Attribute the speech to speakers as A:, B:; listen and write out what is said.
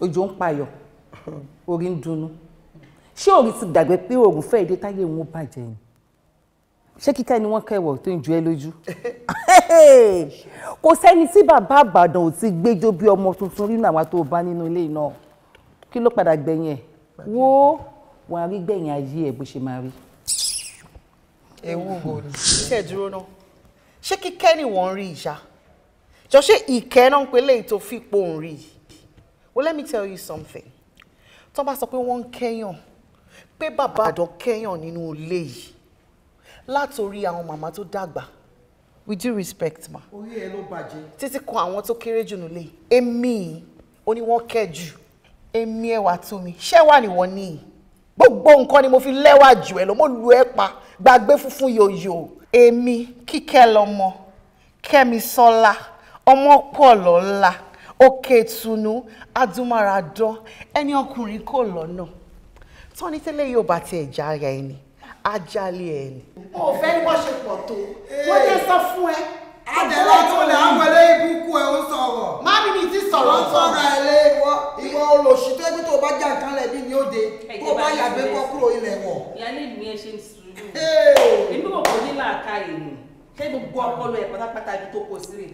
A: òjò ń payọ̀ orí ń dunnú ṣé òrí ti gbàgbé pé òòrùn fẹ́ èdè táyé wọn bàjẹ́ ni ṣé kíkẹ́ ni wọ́n kẹwọ̀ tó ń ju ẹ lójú kò sẹ́ni tí bàbá àbàdàn ò ti gbẹ́jọ bí ọmọ tuntun nínú àwa tó bá nínú ilé náà kí ló padà gbẹ̀yìn ẹ̀ wo wàá rí gbẹ̀yìn ayé ẹ̀ bó ṣe máa rí.
B: ewu wo ni ṣe dúró náà ṣé kíkẹ́ ni wọ́n ń rí ìṣá jọ ṣé ìkẹ́ náà ń pe léyìí tó fi pòun rí yìí well let me tell you something tó bá sọ pé wọ́n ń kẹ́yàn pé bàbá àdán kẹ́yàn nínú ilé yìí látòrí àwọn màmá tó dàgbà with due respect ma.
C: orí ẹ ló bàjẹ́.
B: títí kan àwọn tó kéré jù nílé èmi ò ní wọ́n kẹ́ jù èmi ẹwà tó mi ṣẹ́wà ni wọ́n ní gbogbo nǹkan ni mo fi lẹ́wà jù ẹ lọ mo lu ẹ pa gbàgbé funfun yòyò èmi kíkẹ́ lọ́mọ kẹ́mi sọ́lá ọmọ pọ̀ lọ́la òkè ìtùnú adúmáradán ẹni ọkùnrin kò lọ́nà tọ́ni tẹ́lẹ̀ yóò bá tiẹ̀ já ara ẹni ajálẹ̀ ẹni. mo fẹ́ ní bó ṣe
C: pọ̀ tó eh. wọ́n jẹ́ sọ fún ẹ. àdẹ̀lá tó lè àwọlé ibùkún ẹ̀ ń sọ̀rọ̀. má mi ní ti sọ̀rọ̀ sọ̀rọ̀ ẹ̀ lé ìwọ ìwọ olóṣù tó ẹgbẹ́ tó bá já nǹkan lẹ̀ bí ni ó de tó bá yàgbé kọ́ kúrò ilẹ̀ wọ̀.
A: ìyáálé mi ẹ ṣe ń sùúrù. èmi ò kò ní